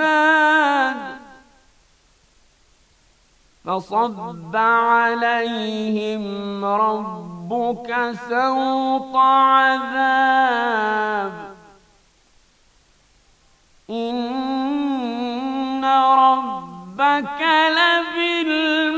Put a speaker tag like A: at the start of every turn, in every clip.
A: الأحزاب فصب عليهم ربك سوط عذاب إن ربك لبالمرسل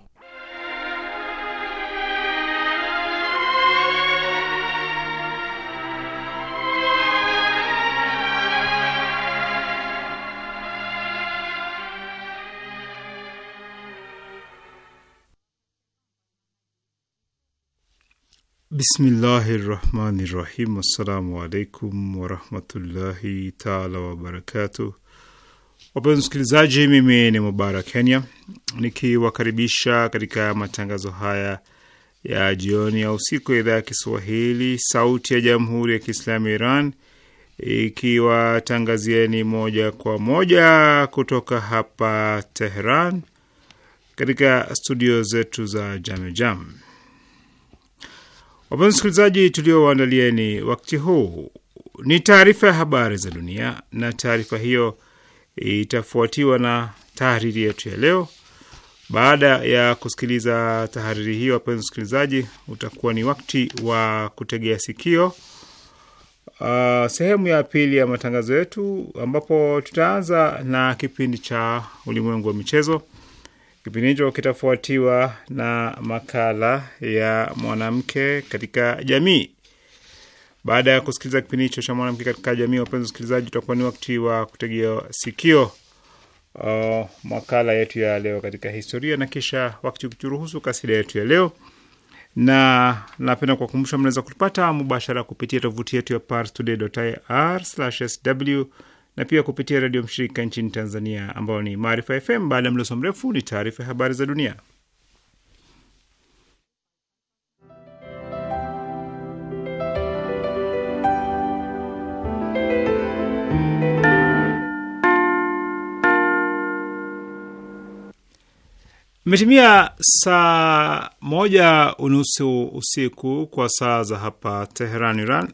B: Bismillahi rahmani rahim. Assalamu alaikum warahmatullahi taala wabarakatuh. Wapenzi msikilizaji, mimi ni Mubarak Kenya nikiwakaribisha katika matangazo haya ya jioni au usiku ya idhaa ya Kiswahili sauti ya jamhuri ya Kiislamu ya Iran ikiwatangazieni moja kwa moja kutoka hapa Tehran katika studio zetu za Jamejam jam. Wapenzi wasikilizaji, tuliowaandalieni wakati huu ni taarifa ya habari za dunia, na taarifa hiyo itafuatiwa na tahariri yetu ya leo. Baada ya kusikiliza tahariri hiyo, wapenzi wasikilizaji, utakuwa ni wakati wa kutegea sikio uh, sehemu ya pili ya matangazo yetu, ambapo tutaanza na kipindi cha ulimwengu wa michezo Kipindi hicho kitafuatiwa na makala ya mwanamke katika jamii. Baada ya kusikiliza kipindi hicho cha mwanamke katika jamii, wapenzi wasikilizaji, utakuwa ni wakati wa kutegea sikio uh, makala yetu ya leo katika historia, na kisha wakati ukiruhusu, kasida yetu ya leo na napenda kuwakumbusha, mnaweza kutupata mubashara kupitia tovuti yetu ya parstoday.ir/sw na pia kupitia redio mshirika nchini Tanzania ambayo ni Maarifa FM. Baada ya mloso mrefu, ni taarifa ya habari za dunia. Imetimia saa moja unusu usiku kwa saa za hapa Teheran, Iran,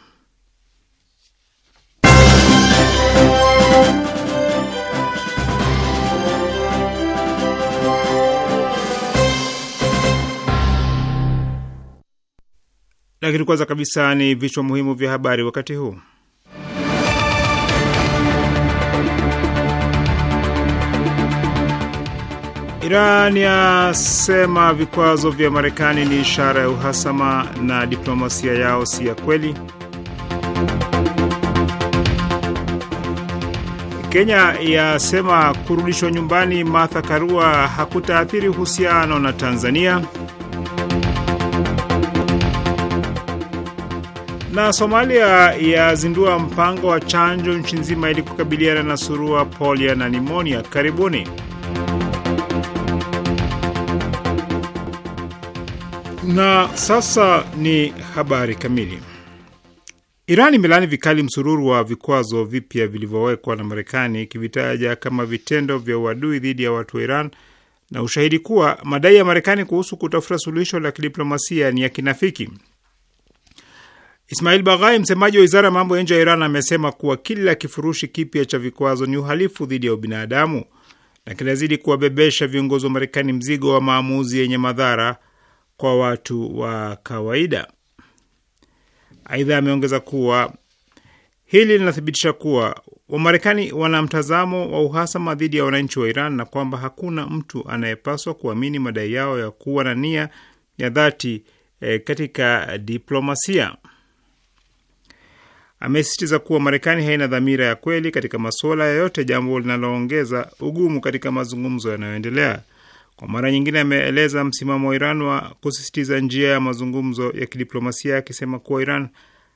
B: Lakini kwanza kabisa ni vichwa muhimu vya habari wakati huu. Iran yasema vikwazo vya Marekani ni ishara ya uhasama na diplomasia yao si ya kweli. Kenya yasema kurudishwa nyumbani Martha Karua hakutaathiri uhusiano na Tanzania. Na Somalia yazindua mpango wa chanjo nchi nzima ili kukabiliana na surua, polio na nimonia. Karibuni. Na sasa ni habari kamili. Iran imelaani vikali msururu wa vikwazo vipya vilivyowekwa na Marekani, ikivitaja kama vitendo vya uadui dhidi ya watu wa Iran na ushahidi kuwa madai ya Marekani kuhusu kutafuta suluhisho la kidiplomasia ni ya kinafiki. Ismail Baghai, msemaji wa wizara ya mambo ya nje ya Iran, amesema kuwa kila kifurushi kipya cha vikwazo ni uhalifu dhidi ya ubinadamu na kinazidi kuwabebesha viongozi wa Marekani mzigo wa maamuzi yenye madhara kwa watu wa kawaida. Aidha, ameongeza kuwa hili linathibitisha kuwa Wamarekani wana mtazamo wa uhasama dhidi ya wananchi wa Iran na kwamba hakuna mtu anayepaswa kuamini madai yao ya kuwa na nia ya dhati eh, katika diplomasia amesisitiza kuwa Marekani haina dhamira ya kweli katika masuala yoyote, jambo linaloongeza ugumu katika mazungumzo yanayoendelea. Kwa mara nyingine ameeleza msimamo wa Iran wa kusisitiza njia ya mazungumzo ya kidiplomasia, akisema kuwa Iran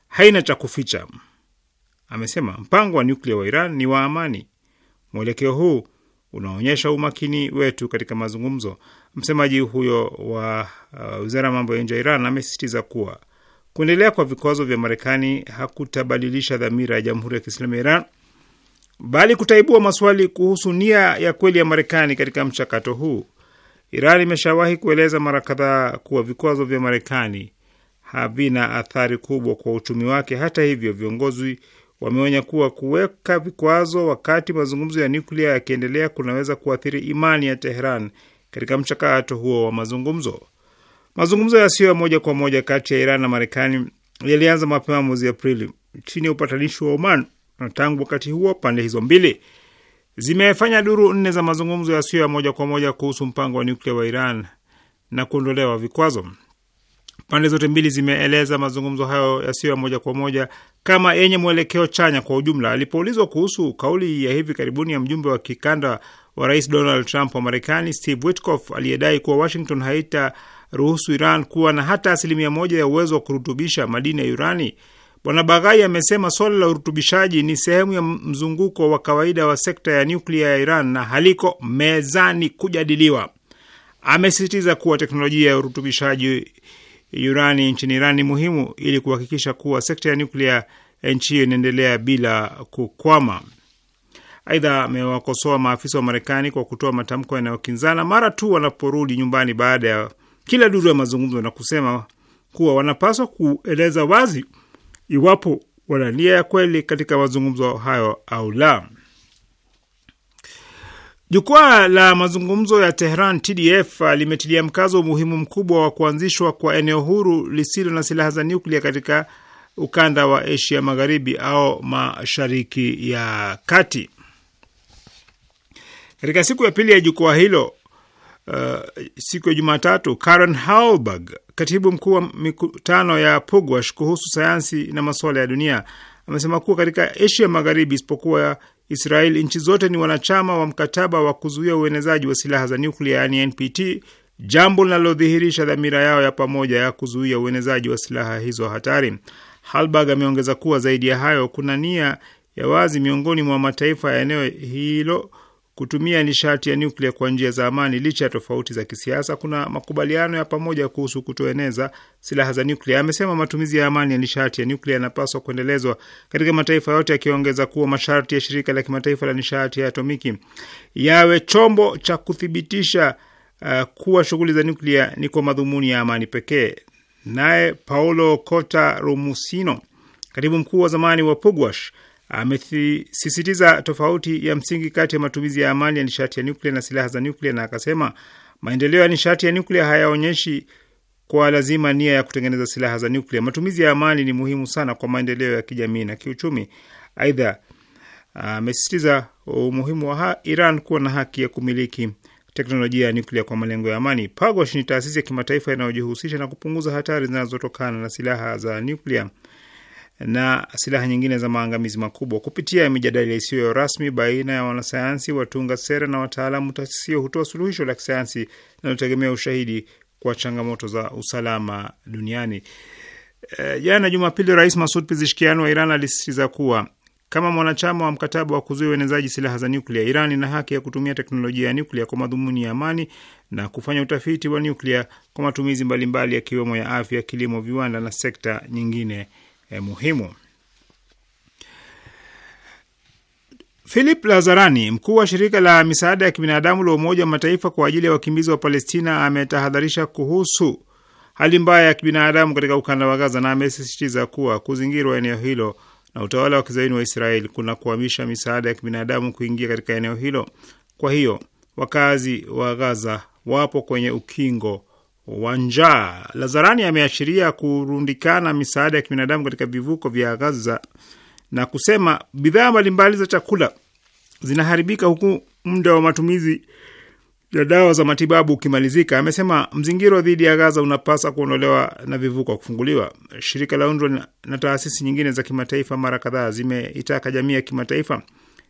B: haina cha kuficha. Amesema mpango wa nyuklia wa Iran ni wa amani. Mwelekeo huu unaonyesha umakini wetu katika mazungumzo. Msemaji huyo wa uh, wizara uh, ya mambo ya nje ya Iran amesisitiza kuwa Kuendelea kwa vikwazo vya Marekani hakutabadilisha dhamira ya Jamhuri ya Kiislamu ya Iran bali kutaibua maswali kuhusu nia ya kweli ya Marekani katika mchakato huu. Iran imeshawahi kueleza mara kadhaa kuwa vikwazo vya Marekani havina athari kubwa kwa uchumi wake. Hata hivyo, viongozi wameonya kuwa kuweka vikwazo wakati mazungumzo ya nuklia yakiendelea kunaweza kuathiri imani ya Teheran katika mchakato huo wa mazungumzo. Mazungumzo yasiyo ya moja kwa moja kati ya Iran na Marekani yalianza mapema mwezi Aprili chini ya upatanishi wa Oman, na tangu wakati huo pande hizo mbili zimefanya duru nne za mazungumzo yasiyo ya moja kwa moja kuhusu mpango wa nyuklia wa Iran na kuondolewa vikwazo. Pande zote mbili zimeeleza mazungumzo hayo yasiyo ya moja kwa moja kama yenye mwelekeo chanya kwa ujumla. Alipoulizwa kuhusu kauli ya hivi karibuni ya mjumbe wa kikanda wa rais Donald Trump wa Marekani Steve Witkoff aliyedai kuwa Washington haita ruhusu Iran kuwa na hata asilimia moja ya uwezo wa kurutubisha madini ya urani. Bwana Baghai amesema swala la urutubishaji ni sehemu ya mzunguko wa kawaida wa sekta ya nyuklia ya Iran na haliko mezani kujadiliwa. Amesisitiza kuwa teknolojia ya urutubishaji urani nchini Iran ni muhimu ili kuhakikisha kuwa sekta ya nyuklia ya nchi hiyo inaendelea bila kukwama. Aidha, amewakosoa maafisa wa Marekani kwa kutoa matamko yanayokinzana mara tu wanaporudi nyumbani baada ya kila duru ya mazungumzo na kusema kuwa wanapaswa kueleza wazi iwapo wana nia ya kweli katika mazungumzo hayo au la. Jukwaa la mazungumzo ya Tehran TDF limetilia mkazo umuhimu mkubwa wa kuanzishwa kwa eneo huru lisilo na silaha za nyuklia katika ukanda wa Asia Magharibi au Mashariki ya Kati. Katika siku ya pili ya jukwaa hilo uh, siku ya Jumatatu, Karen Halberg, katibu mkuu wa mikutano ya Pugwash kuhusu sayansi na masuala ya dunia, amesema kuwa katika Asia Magharibi isipokuwa Israel, nchi zote ni wanachama wa mkataba wa kuzuia uenezaji wa silaha za nyuklia, yani NPT, jambo linalodhihirisha dhamira yao ya pamoja ya kuzuia uenezaji wa silaha hizo hatari. Halberg ameongeza kuwa zaidi ya hayo, kuna nia ya wazi miongoni mwa mataifa ya eneo hilo kutumia nishati ya nyuklia kwa njia za amani licha ya tofauti za kisiasa. Kuna makubaliano ya pamoja kuhusu kutoeneza silaha za nyuklia, amesema. Matumizi ya amani ya nishati ya nyuklia yanapaswa kuendelezwa katika mataifa yote, akiongeza kuwa masharti ya shirika la kimataifa la nishati ya atomiki yawe chombo cha kuthibitisha uh, kuwa shughuli za nyuklia ni kwa madhumuni ya amani pekee. Naye Paolo Kota Romusino, katibu mkuu wa zamani wa Pugwash amesisitiza tofauti ya msingi kati ya matumizi ya amani ya nishati ya nyuklia na silaha za nyuklia, na akasema maendeleo ya nishati ya nyuklia hayaonyeshi kwa lazima nia ya kutengeneza silaha za nyuklia. Matumizi ya amani ni muhimu sana kwa maendeleo ya kijamii na kiuchumi. Aidha, amesisitiza umuhimu wa Iran kuwa na haki ya kumiliki teknolojia ya nyuklia kwa malengo ya amani. PAGOSH ni taasisi ya kimataifa inayojihusisha na kupunguza hatari zinazotokana na silaha za nyuklia na silaha nyingine za maangamizi makubwa. Kupitia mijadala isiyo rasmi baina ya wanasayansi, watunga sera na wataalamu, taasisi hiyo hutoa suluhisho la kisayansi linalotegemea ushahidi kwa changamoto za usalama duniani. Eh, jana e, Jumapili, Rais Masud Pezeshkian wa Iran alisisitiza kuwa kama mwanachama wa mkataba wa kuzuia uenezaji silaha za nyuklia, Iran ina haki ya kutumia teknolojia ya nyuklia kwa madhumuni ya amani na kufanya utafiti wa nyuklia kwa matumizi mbalimbali yakiwemo ya afya, kilimo, viwanda na sekta nyingine eh, muhimu. Philip Lazarani, mkuu wa shirika la misaada ya kibinadamu la Umoja wa Mataifa kwa ajili ya wakimbizi wa Palestina, ametahadharisha kuhusu hali mbaya ya kibinadamu katika ukanda wa Gaza na amesisitiza kuwa kuzingirwa eneo hilo na utawala wa kizaini wa Israeli kuna kuhamisha misaada ya kibinadamu kuingia katika eneo hilo. Kwa hiyo wakazi wa Gaza wapo kwenye ukingo wa njaa. Lazarani ameashiria kurundikana misaada ya kibinadamu katika vivuko vya Gaza na kusema bidhaa mbalimbali za chakula zinaharibika huku muda wa matumizi ya dawa za matibabu ukimalizika. Amesema mzingiro dhidi ya Gaza unapasa kuondolewa na vivuko kufunguliwa. Shirika la UNRWA na taasisi nyingine za kimataifa mara kadhaa zimeitaka jamii ya kimataifa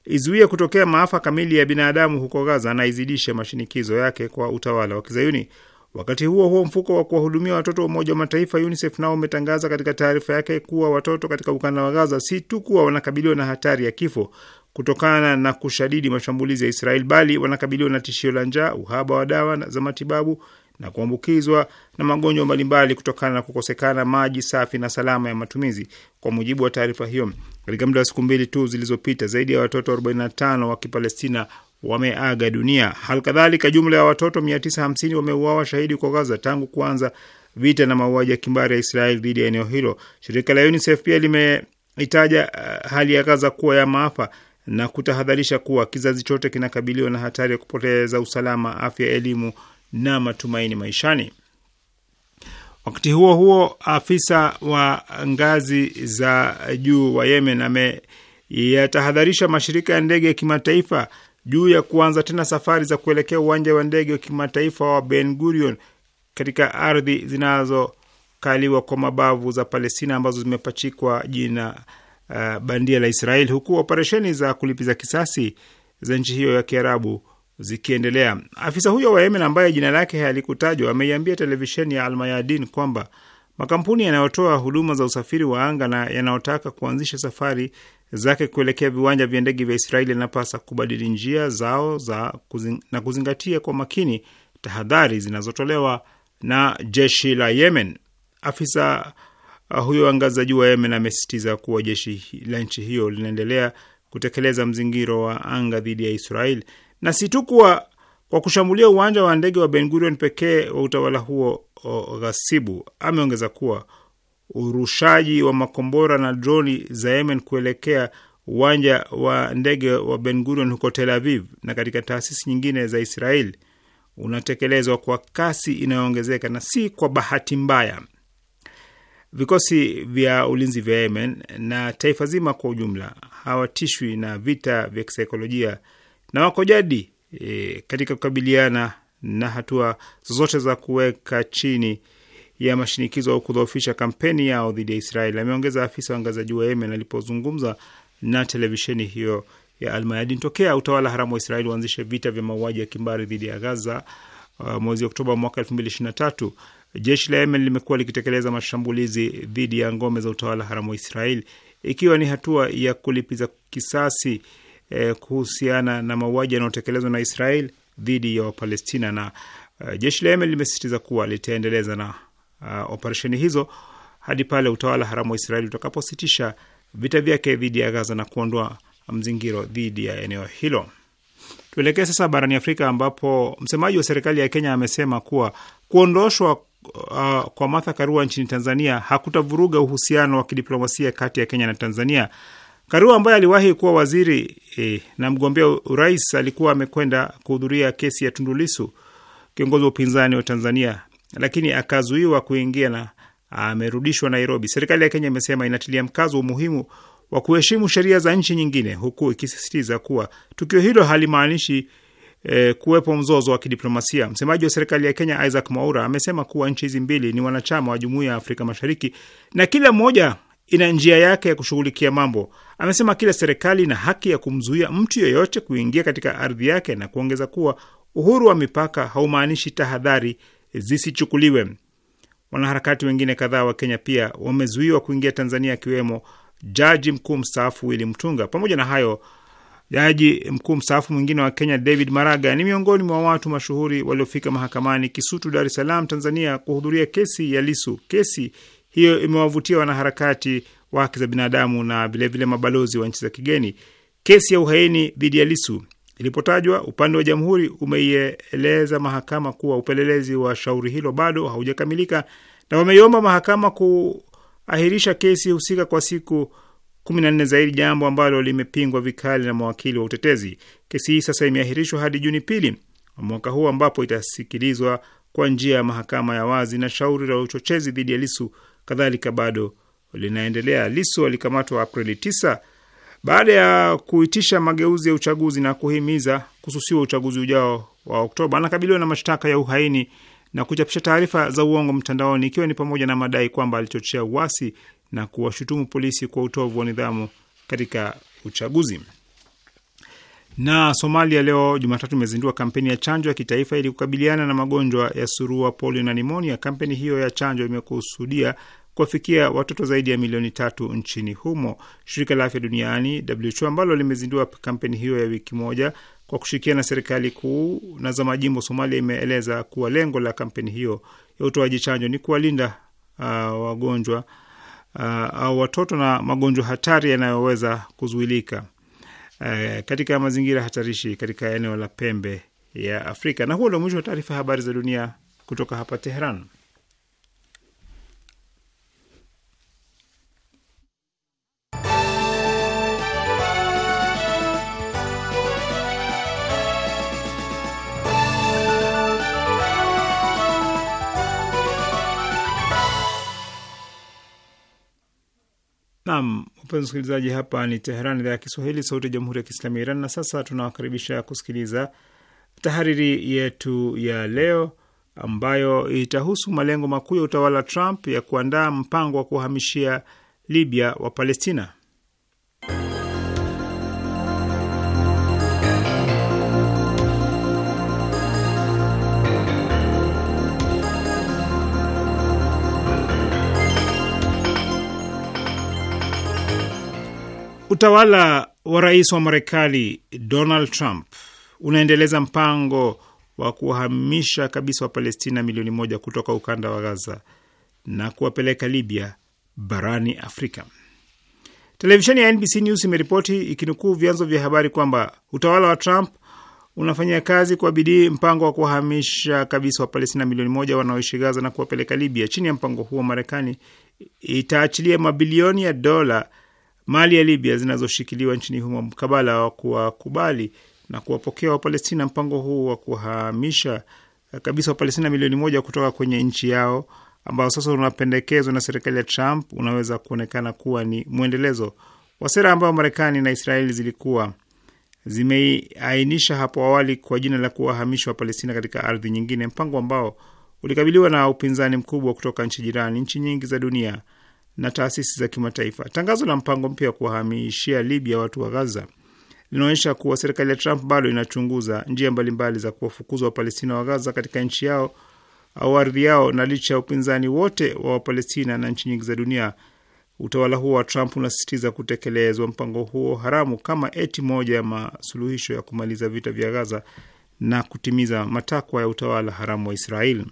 B: izuie kutokea maafa kamili ya binadamu huko Gaza na izidishe mashinikizo yake kwa utawala wa Kizayuni. Wakati huo huo, mfuko wa kuwahudumia watoto wa Umoja wa Mataifa UNICEF nao umetangaza katika taarifa yake kuwa watoto katika ukanda wa Gaza si tu kuwa wanakabiliwa na hatari ya kifo kutokana na kushadidi mashambulizi ya Israeli, bali wanakabiliwa na tishio la njaa, uhaba wa dawa za matibabu na kuambukizwa na magonjwa mbalimbali kutokana na kukosekana maji safi na salama ya matumizi. Kwa mujibu wa taarifa hiyo, katika muda wa siku mbili tu zilizopita, zaidi ya watoto 45 wa Kipalestina wameaga dunia. Hali kadhalika jumla ya watoto 950 wameuawa shahidi kwa Gaza tangu kuanza vita na mauaji ya kimbari ya Israeli dhidi ya eneo hilo. Shirika la UNICEF pia limeitaja uh, hali ya Gaza kuwa ya maafa na kutahadharisha kuwa kizazi chote kinakabiliwa na hatari ya kupoteza usalama, afya, elimu na matumaini maishani. Wakati huo huo, afisa wa ngazi za juu wa Yemen ameyatahadharisha mashirika ya ndege ya kimataifa juu ya kuanza tena safari za kuelekea uwanja wa ndege wa kimataifa wa Ben Gurion katika ardhi zinazokaliwa kwa mabavu za Palestina ambazo zimepachikwa jina uh, bandia la Israeli, huku operesheni za kulipiza kisasi za nchi hiyo ya Kiarabu zikiendelea. Afisa huyo wa Yemen ambaye jina lake halikutajwa ameiambia televisheni ya Almayadin kwamba makampuni yanayotoa huduma za usafiri wa anga na yanayotaka kuanzisha safari zake kuelekea viwanja vya ndege vya Israeli yanapasa kubadili njia zao za kuzing, na kuzingatia kwa makini tahadhari zinazotolewa na jeshi la Yemen. Afisa uh, huyo wa ngazi za juu wa Yemen amesisitiza kuwa jeshi la nchi hiyo linaendelea kutekeleza mzingiro wa anga dhidi ya Israeli na si tu kuwa kwa kushambulia uwanja wa ndege wa Ben Gurion pekee wa utawala huo o, ghasibu. Ameongeza kuwa urushaji wa makombora na droni za Yemen kuelekea uwanja wa ndege wa Ben Gurion huko Tel Aviv na katika taasisi nyingine za Israel unatekelezwa kwa kasi inayoongezeka na si kwa bahati mbaya. Vikosi vya ulinzi vya Yemen na taifa zima kwa ujumla hawatishwi na vita vya kisaikolojia na wako jadi e, katika kukabiliana na hatua zozote za kuweka chini ya mashinikizo au kudhoofisha kampeni yao dhidi ya Israeli, ameongeza afisa wa ngazi ya juu wa Yemen alipozungumza na televisheni hiyo ya Almayadin. Tokea utawala haramu wa Israeli uanzishe vita vya mauaji ya kimbari dhidi ya Gaza uh, mwezi Oktoba mwaka 2023 jeshi la Yemen limekuwa likitekeleza mashambulizi dhidi ya ngome za utawala haramu wa Israeli ikiwa ni hatua ya kulipiza kisasi uh, eh, kuhusiana na mauaji yanayotekelezwa na Israel dhidi ya Wapalestina na uh, jeshi la Yemen limesisitiza kuwa litaendeleza na uh, operesheni hizo hadi pale utawala haramu wa Israeli utakapositisha vita vyake dhidi ya Gaza na kuondoa mzingiro dhidi ya eneo hilo. Tuelekee sasa barani Afrika ambapo msemaji wa serikali ya Kenya amesema kuwa kuondoshwa uh, kwa Martha Karua nchini Tanzania hakutavuruga uhusiano wa kidiplomasia kati ya Kenya na Tanzania. Karua ambaye aliwahi kuwa waziri e, na mgombea urais alikuwa amekwenda kuhudhuria kesi ya Tundu Lissu, kiongozi wa upinzani wa Tanzania, lakini akazuiwa kuingia na amerudishwa Nairobi. Serikali ya Kenya imesema inatilia mkazo umuhimu wa kuheshimu sheria za nchi nyingine, huku ikisisitiza kuwa tukio hilo halimaanishi e, kuwepo mzozo wa kidiplomasia. Msemaji wa serikali ya Kenya Isaac Mwaura amesema kuwa nchi hizi mbili ni wanachama wa Jumuiya ya Afrika Mashariki na kila mmoja ina njia yake ya kushughulikia mambo. Amesema kila serikali ina haki ya kumzuia mtu yeyote kuingia katika ardhi yake na kuongeza kuwa uhuru wa mipaka haumaanishi tahadhari zisichukuliwe. Wanaharakati wengine kadhaa wa Kenya pia wamezuiwa kuingia Tanzania, akiwemo jaji mkuu mstaafu Willy Mtunga. Pamoja na hayo, jaji mkuu mstaafu mwingine wa Kenya David Maraga ni miongoni mwa watu mashuhuri waliofika mahakamani Kisutu, Dar es Salaam, Tanzania, kuhudhuria kesi ya Lisu, kesi hiyo imewavutia wanaharakati wa haki za binadamu na vilevile mabalozi wa nchi za kigeni. Kesi ya uhaini dhidi ya Lisu ilipotajwa, upande wa jamhuri umeieleza mahakama kuwa upelelezi wa shauri hilo bado haujakamilika na wameiomba mahakama kuahirisha kesi husika kwa siku kumi na nne zaidi, jambo ambalo limepingwa vikali na mawakili wa utetezi. Kesi hii sasa imeahirishwa hadi Juni pili mwaka huu ambapo itasikilizwa kwa njia ya mahakama ya wazi, na shauri la uchochezi dhidi ya Lisu kadhalika bado linaendelea. Lisu alikamatwa Aprili 9 baada ya kuitisha mageuzi ya uchaguzi na kuhimiza kususiwa uchaguzi ujao wa Oktoba. Anakabiliwa na mashtaka ya uhaini na kuchapisha taarifa za uongo mtandaoni, ikiwa ni pamoja na madai kwamba alichochea uasi na kuwashutumu polisi kwa utovu wa nidhamu katika uchaguzi. Na Somalia leo Jumatatu imezindua kampeni ya chanjo ya kitaifa ili kukabiliana na magonjwa ya surua, polio na nimonia. Kampeni hiyo ya chanjo imekusudia kuwafikia watoto zaidi ya milioni tatu nchini humo. Shirika la afya duniani WHO ambalo limezindua kampeni hiyo ya wiki moja kwa kushirikiana na serikali kuu na za majimbo Somalia, imeeleza kuwa lengo la kampeni hiyo ya utoaji chanjo ni kuwalinda uh, wagonjwa uh, au watoto na magonjwa hatari yanayoweza kuzuilika. Eh, katika mazingira hatarishi katika eneo la pembe ya Afrika. Na huo ndio mwisho wa taarifa ya habari za dunia kutoka hapa Teheran. Nam, wapenzi msikilizaji, hapa ni Teheran, idhaa ya Kiswahili, sauti ya jamhuri ya kiislamu ya Iran. Na sasa tunawakaribisha kusikiliza tahariri yetu ya leo ambayo itahusu malengo makuu ya utawala wa Trump ya kuandaa mpango wa kuhamishia Libya wa Palestina. Utawala wa rais wa Marekani Donald Trump unaendeleza mpango wa kuwahamisha kabisa Wapalestina milioni moja kutoka ukanda wa Gaza na kuwapeleka Libya barani Afrika. Televisheni ya NBC News imeripoti ikinukuu vyanzo vya habari kwamba utawala wa Trump unafanya kazi kwa bidii mpango wa kuwahamisha kabisa Wapalestina milioni moja wanaoishi Gaza na kuwapeleka Libya. Chini ya mpango huo, Marekani itaachilia mabilioni ya dola mali ya Libya zinazoshikiliwa nchini humo mkabala wa kuwakubali na kuwapokea Wapalestina. Mpango huu wa kuhamisha eh, kabisa Wapalestina milioni moja kutoka kwenye nchi yao ambao sasa unapendekezwa na serikali ya Trump unaweza kuonekana kuwa ni mwendelezo wa sera ambayo Marekani na Israeli zilikuwa zimeainisha hapo awali kwa jina la kuwahamisha Wapalestina katika ardhi nyingine, mpango ambao ulikabiliwa na upinzani mkubwa kutoka nchi jirani. Nchi nyingi za dunia na taasisi za kimataifa. Tangazo la mpango mpya wa kuwahamishia Libya watu wa Gaza linaonyesha kuwa serikali ya Trump bado inachunguza njia mbalimbali za kuwafukuza Wapalestina wa Gaza katika nchi yao au ardhi yao, na licha ya upinzani wote wa Wapalestina na nchi nyingi za dunia, utawala huo wa Trump unasisitiza kutekelezwa mpango huo haramu kama eti moja ya masuluhisho ya kumaliza vita vya Gaza na kutimiza matakwa ya utawala haramu wa Israeli.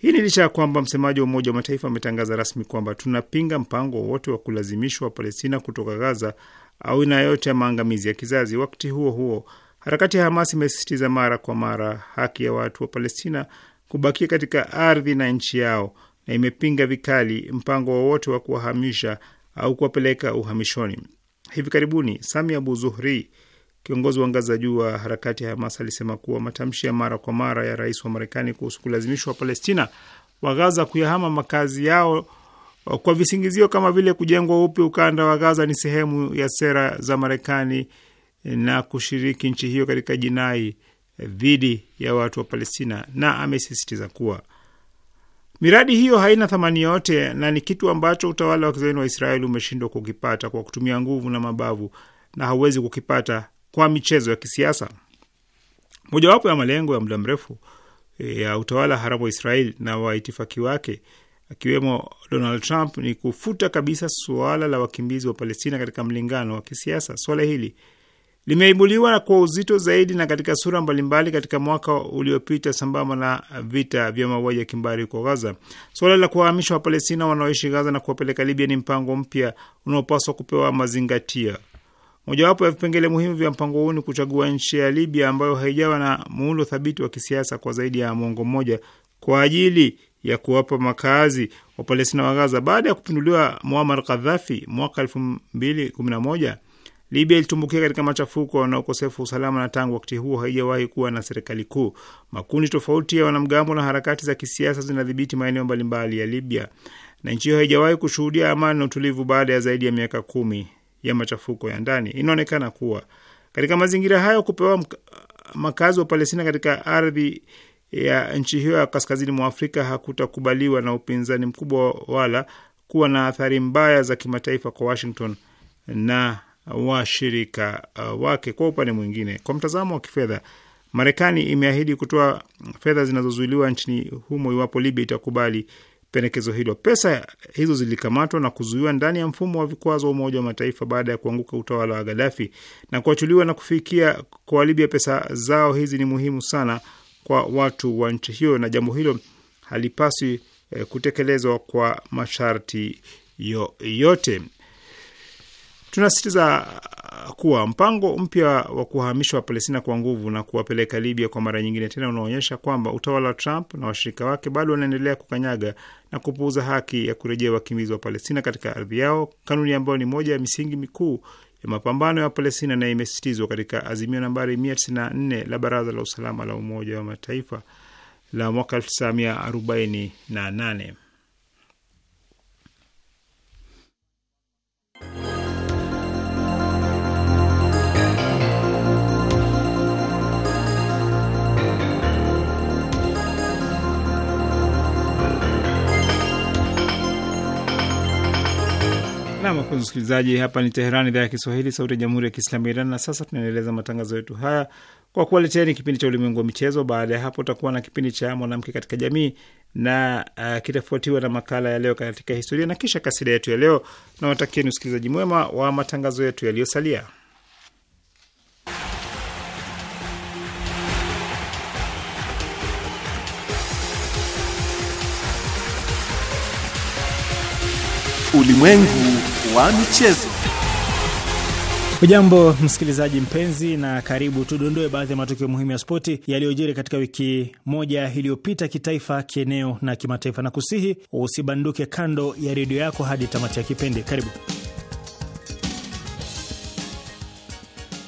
B: Hii ni licha ya kwamba msemaji wa Umoja wa Mataifa ametangaza rasmi kwamba tunapinga mpango wowote wa kulazimishwa palestina kutoka Gaza au aina yote ya maangamizi ya kizazi. Wakati huo huo, harakati ya Hamas imesisitiza mara kwa mara haki ya watu wa Palestina kubakia katika ardhi na nchi yao na imepinga vikali mpango wowote wa kuwahamisha au kuwapeleka uhamishoni. Hivi karibuni Sami Abu Zuhri, Kiongozi wa ngazi za juu wa harakati ya Hamas alisema kuwa matamshi ya mara kwa mara ya rais wa Marekani kuhusu kulazimishwa Palestina wa Gaza kuyahama makazi yao uh, kwa visingizio kama vile kujengwa upya ukanda wa Gaza ni sehemu ya sera za Marekani eh, na kushiriki nchi hiyo katika jinai eh, dhidi ya watu wa Palestina, na amesisitiza kuwa miradi hiyo haina thamani yote na ni kitu ambacho utawala wa kizayuni wa Israeli umeshindwa kukipata kwa kutumia nguvu na mabavu na hauwezi kukipata kwa michezo ya kisiasa. Mojawapo ya malengo ya muda mrefu e, ya utawala haramu wa Israel na waitifaki wake akiwemo Donald Trump ni kufuta kabisa suala la wakimbizi wa Palestina katika mlingano wa kisiasa. Suala hili limeibuliwa kwa uzito zaidi na katika sura mbalimbali katika mwaka uliopita, sambamba na vita vya mauaji ya kimbari huko Gaza. Suala la kuwahamisha Wapalestina wanaoishi Gaza na kuwapeleka Libya ni mpango mpya unaopaswa kupewa mazingatia Mojawapo ya vipengele muhimu vya mpango huu ni kuchagua nchi ya Libya ambayo haijawa na muundo thabiti wa kisiasa kwa zaidi ya mwongo mmoja kwa ajili ya kuwapa makazi Wapalestina wa Gaza. Baada ya kupinduliwa Muammar Gaddafi mwaka 2011, Libya ilitumbukia katika machafuko na ukosefu wa usalama, na tangu wakati huo haijawahi kuwa na serikali kuu. Makundi tofauti ya wanamgambo na harakati za kisiasa zinadhibiti maeneo mbalimbali ya Libya, na nchi hiyo haijawahi kushuhudia amani na utulivu baada ya zaidi ya miaka kumi ya machafuko ya ndani. Inaonekana kuwa katika mazingira hayo kupewa makazi wa Palestina katika ardhi ya nchi hiyo ya kaskazini mwa Afrika hakutakubaliwa na upinzani mkubwa wala kuwa na athari mbaya za kimataifa kwa Washington na washirika uh, wake. Kwa upande mwingine, kwa mtazamo wa kifedha, Marekani imeahidi kutoa fedha zinazozuiliwa nchini humo iwapo Libya itakubali pendekezo hilo. Pesa hizo zilikamatwa na kuzuiwa ndani ya mfumo wa vikwazo wa Umoja wa Mataifa baada ya kuanguka utawala wa Gaddafi, na kuachuliwa na kufikia kwa Libya pesa zao hizi ni muhimu sana kwa watu wa nchi hiyo, na jambo hilo halipaswi eh, kutekelezwa kwa masharti yoyote. Tunasitiza kuwa mpango mpya wa kuhamisha Wapalestina kwa nguvu na kuwapeleka Libya kwa mara nyingine tena unaonyesha kwamba utawala wa Trump na washirika wake bado wanaendelea kukanyaga na kupuuza haki ya kurejea wakimbizi wa Palestina katika ardhi yao, kanuni ambayo ni moja ya misingi mikuu ya mapambano ya Palestina na imesisitizwa katika azimio nambari 194 la Baraza la Usalama la Umoja wa Mataifa la mwaka 1948. Nam wapenzi msikilizaji, hapa ni Teheran, idhaa ya Kiswahili, sauti ya jamhuri ya kiislamu ya Iran. Na sasa tunaendeleza matangazo yetu haya kwa kuwaleteni kipindi cha ulimwengu wa michezo. Baada ya hapo, utakuwa na kipindi cha mwanamke katika jamii na uh, kitafuatiwa na makala ya leo katika historia na kisha kasida yetu ya leo, ni usikilizaji mwema wa matangazo yetu yaliyosalia.
C: Ulimwengu wa michezo.
D: Ujambo msikilizaji mpenzi, na karibu tudondoe baadhi ya matukio muhimu ya spoti yaliyojiri katika wiki moja iliyopita, kitaifa, kieneo na kimataifa, na kusihi usibanduke kando ya redio yako hadi tamati ya kipindi. Karibu.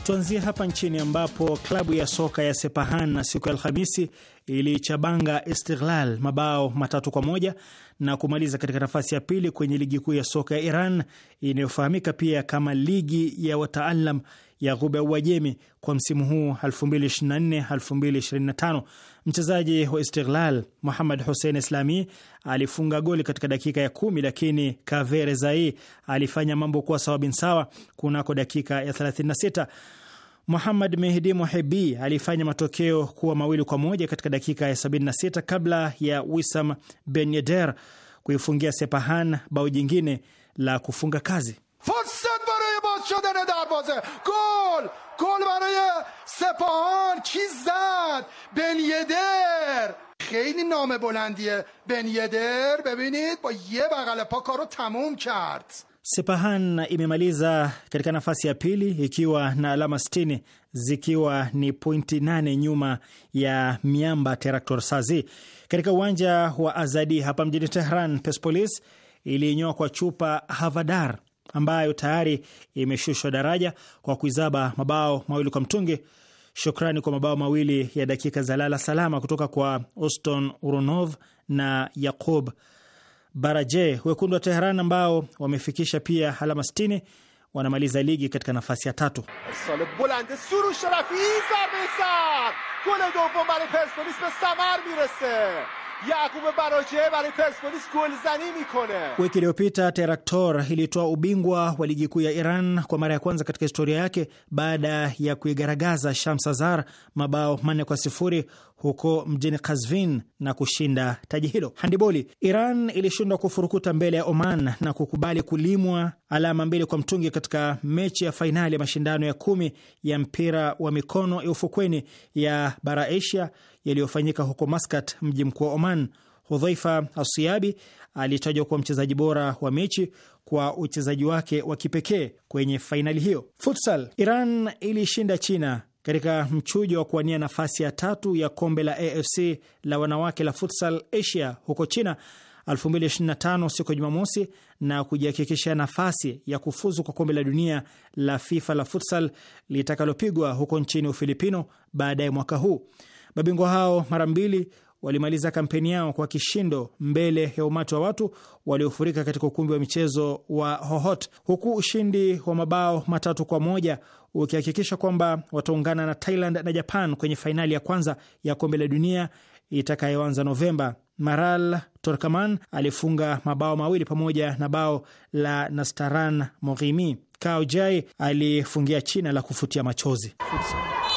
D: Tuanzie hapa nchini ambapo klabu ya soka ya Sepahan na siku ya Alhamisi ilichabanga Istiklal mabao matatu kwa moja na kumaliza katika nafasi ya pili kwenye ligi kuu ya soka ya Iran inayofahamika pia kama ligi ya wataalam ya Ghuba ya Uajemi kwa msimu huu 2024 2025. Mchezaji wa Istiglal Muhammad Hussein Islami alifunga goli katika dakika ya kumi, lakini Kaveh Rezai alifanya mambo kuwa sawa bin sawa kunako dakika ya 36. Muhamad Mehdi Muhibi alifanya matokeo kuwa mawili kwa moja katika dakika ya 76 kabla ya Wissam Ben Yedder kuifungia Sepahan bao jingine la kufunga kazi.
A: Fursat baraye boz shodane darvaze gol gol baraye Sepahan ki zad Ben
E: Yedder kheli name bolandiye Ben Yedder bebinid ba ye baghal pa karo tamom kard
D: Sepahan imemaliza katika nafasi ya pili ikiwa na alama 60 zikiwa ni pointi 8 nyuma ya miamba Teraktor Sazi. Katika uwanja wa Azadi hapa mjini Tehran, Persepolis iliinyoa kwa chupa Havadar ambayo tayari imeshushwa daraja kwa kuizaba mabao mawili kwa mtungi, shukrani kwa mabao mawili ya dakika za lala salama kutoka kwa Oston Uronov na Yakub Baraje. Wekundu wa Teheran ambao wamefikisha pia alama 60 wanamaliza ligi katika nafasi ya tatu.
C: یعقوب براجعه برای پرسپولیس گلزنی میکنه.
D: Wiki iliyopita Teraktor ilitoa ubingwa wa ligi kuu ya Iran kwa mara ya kwanza katika historia yake baada ya kuigaragaza Shamsazar mabao manne kwa sifuri huko mjini Kazvin na kushinda taji hilo. Handiboli, Iran ilishindwa kufurukuta mbele ya Oman na kukubali kulimwa alama mbili kwa mtungi katika mechi ya fainali ya mashindano ya kumi ya mpira wa mikono ya ufukweni ya bara Asia yaliyofanyika huko Maskat, mji mkuu wa Oman. Hudhaifa Asiabi alitajwa kuwa mchezaji bora wa mechi kwa uchezaji wake wa kipekee kwenye fainali hiyo. Futsal, Iran ilishinda China katika mchujo wa kuwania nafasi ya tatu ya kombe la AFC la wanawake la futsal Asia huko China 2025 siku ya Jumamosi na kujihakikisha nafasi ya kufuzu kwa kombe la dunia la FIFA la futsal litakalopigwa huko nchini Ufilipino baadaye mwaka huu. Mabingwa hao mara mbili walimaliza kampeni yao kwa kishindo mbele ya umati wa watu waliofurika katika ukumbi wa michezo wa Hohot, huku ushindi wa mabao matatu kwa moja ukihakikisha kwamba wataungana na Thailand na Japan kwenye fainali ya kwanza ya kombe la dunia itakayoanza Novemba. Maral Torkaman alifunga mabao mawili pamoja na bao la Nastaran morimi Kao Jai alifungia China la kufutia machozi Futsal.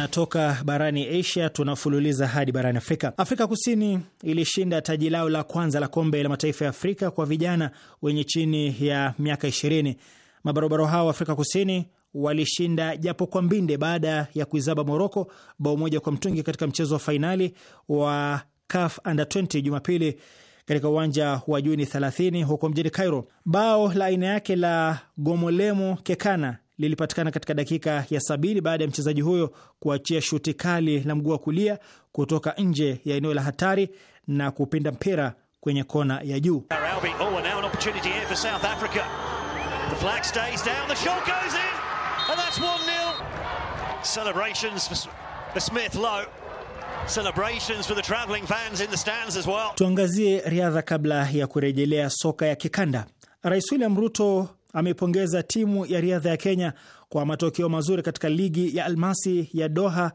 D: na toka barani Asia tunafululiza hadi barani Afrika. Afrika Kusini ilishinda taji lao la kwanza la kombe la mataifa ya Afrika kwa vijana wenye chini ya miaka ishirini. Mabarobaro hao wa Afrika Kusini walishinda japo kwa mbinde baada ya kuizaba Moroko bao moja kwa mtungi katika mchezo wa fainali wa CAF Under 20 Jumapili katika uwanja wa Juni 30 huko mjini Cairo. Bao la aina yake la Gomolemo Kekana lilipatikana katika dakika ya sabini baada ya mchezaji huyo kuachia shuti kali la mguu wa kulia kutoka nje ya eneo la hatari na kupinda mpira kwenye kona ya juu. Oh, Tuangazie riadha kabla ya kurejelea soka ya kikanda. Rais William Ruto ameipongeza timu ya riadha ya Kenya kwa matokeo mazuri katika ligi ya almasi ya Doha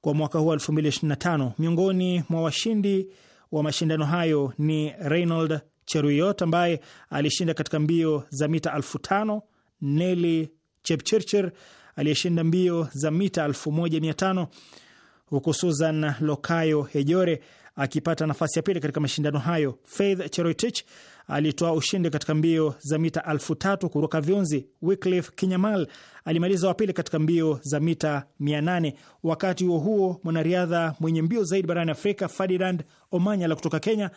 D: kwa mwaka huu 2025. Miongoni mwa washindi wa mashindano hayo ni Reynold Cheruiyot ambaye alishinda katika mbio za mita elfu neli Nelly Chepchirchir aliyeshinda mbio za mita 1500 huku Susan Lokayo Hejore akipata nafasi ya pili katika mashindano hayo. Faith Cherotich alitoa ushindi katika mbio za mita elfu tatu kuruka viunzi. Wycliffe Kinyamal alimaliza wa pili katika mbio za mita mia nane. Wakati huo huo, mwanariadha mwenye mbio zaidi barani Afrika Ferdinand Omanyala kutoka Kenya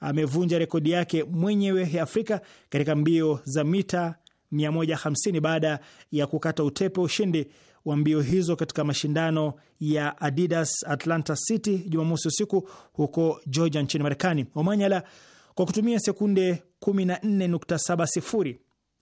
D: amevunja rekodi yake mwenyewe ya Afrika katika mbio za mita 150 baada ya kukata utepe ushindi wa mbio hizo katika mashindano ya Adidas Atlanta City Jumamosi usiku huko Georgia nchini Marekani. Omanyala kwa kutumia sekunde 14.70.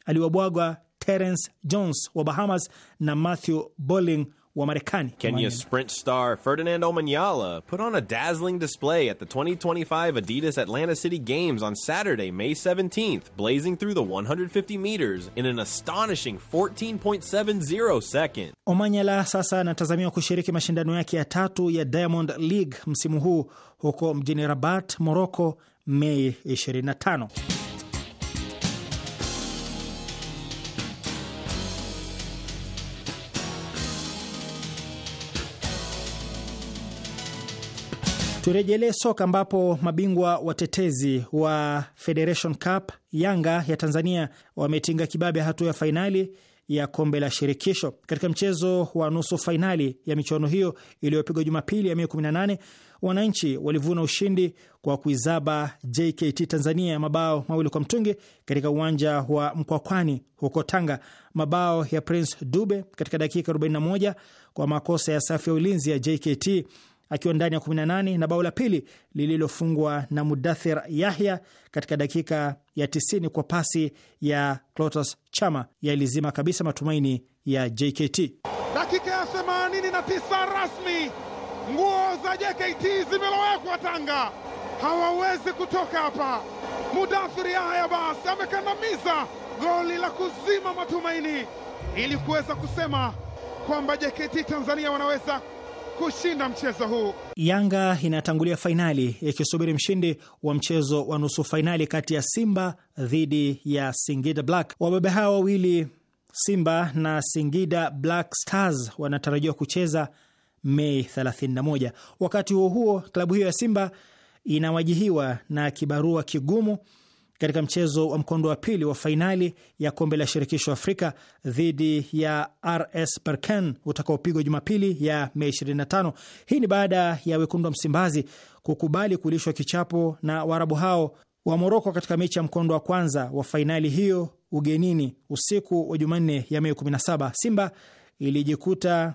D: Aliwabwaga Terence Jones wa Bahamas na Matthew Bolling wa Marekani. Kenya
C: sprint star Ferdinand Omanyala put on a dazzling display at the 2025
D: Adidas Atlanta City Games on Saturday, May 17th, blazing through the 150 meters in an astonishing 14.70 second. Omanyala sasa anatazamiwa kushiriki mashindano yake ya tatu ya Diamond League msimu huu huko mjini Rabat, Morocco Mei 25. Turejelee soka ambapo mabingwa watetezi wa Federation Cup Yanga ya Tanzania wametinga kibabe hatua ya fainali ya kombe la shirikisho. Katika mchezo wa nusu fainali ya michuano hiyo iliyopigwa Jumapili ya Mei 18, wananchi walivuna ushindi kwa kuizaba JKT Tanzania mabao mawili kwa mtungi katika uwanja wa Mkwakwani huko Tanga. Mabao ya Prince Dube katika dakika 41 kwa makosa ya safu ya ulinzi ya JKT akiwa ndani ya 18 na bao la pili lililofungwa na Mudathir Yahya katika dakika ya 90 kwa pasi ya Clotus Chama yalizima kabisa matumaini ya JKT.
C: Dakika ya 89 rasmi, nguo za JKT zimelowekwa Tanga, hawawezi kutoka hapa. Mudathir Yahya basi amekandamiza goli la kuzima matumaini ili kuweza kusema kwamba JKT Tanzania wanaweza kushinda mchezo huu.
D: Yanga inatangulia fainali ikisubiri mshindi wa mchezo wa nusu fainali kati ya Simba dhidi ya Singida Black. Wababa hawa wawili Simba na Singida Black Stars wanatarajiwa kucheza Mei 31. Wakati huo huo, klabu hiyo ya Simba inawajihiwa na kibarua kigumu katika mchezo wa mkondo wa pili wa fainali ya kombe la shirikisho Afrika dhidi ya RS Berkane utakaopigwa Jumapili ya Mei 25. Hii ni baada ya wekundu wa Msimbazi kukubali kulishwa kichapo na Waarabu hao wa Moroko katika mechi ya mkondo wa kwanza wa fainali hiyo ugenini usiku wa Jumanne ya Mei 17. Simba ilijikuta